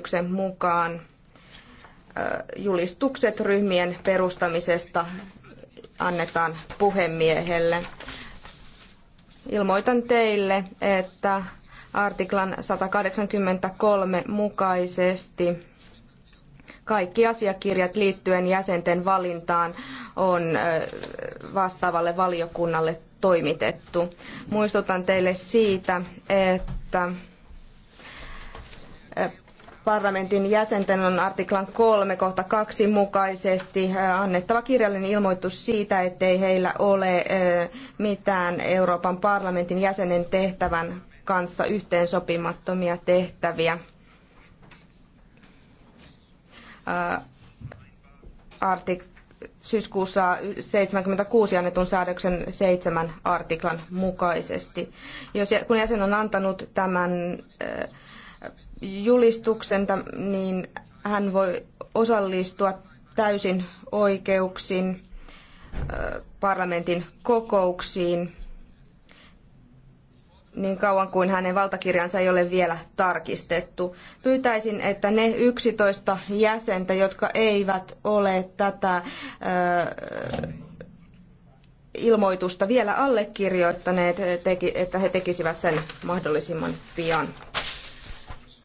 työjärjestyksen mukaan julistukset ryhmien perustamisesta annetaan puhemiehelle. Ilmoitan teille, että artiklan 183 mukaisesti kaikki asiakirjat liittyen jäsenten valintaan on vastaavalle valiokunnalle toimitettu. Muistutan teille siitä, että parlamentin jäsenten on artiklan 3 kohta 2 mukaisesti äh, annettava kirjallinen ilmoitus siitä, ettei heillä ole äh, mitään Euroopan parlamentin jäsenen tehtävän kanssa yhteensopimattomia tehtäviä. Äh, artik- syyskuussa 76 annetun säädöksen 7 artiklan mukaisesti. Jos, kun jäsen on antanut tämän julistuksen, niin hän voi osallistua täysin oikeuksin parlamentin kokouksiin niin kauan kuin hänen valtakirjansa ei ole vielä tarkistettu. Pyytäisin, että ne 11 jäsentä, jotka eivät ole tätä ilmoitusta vielä allekirjoittaneet, että he tekisivät sen mahdollisimman pian.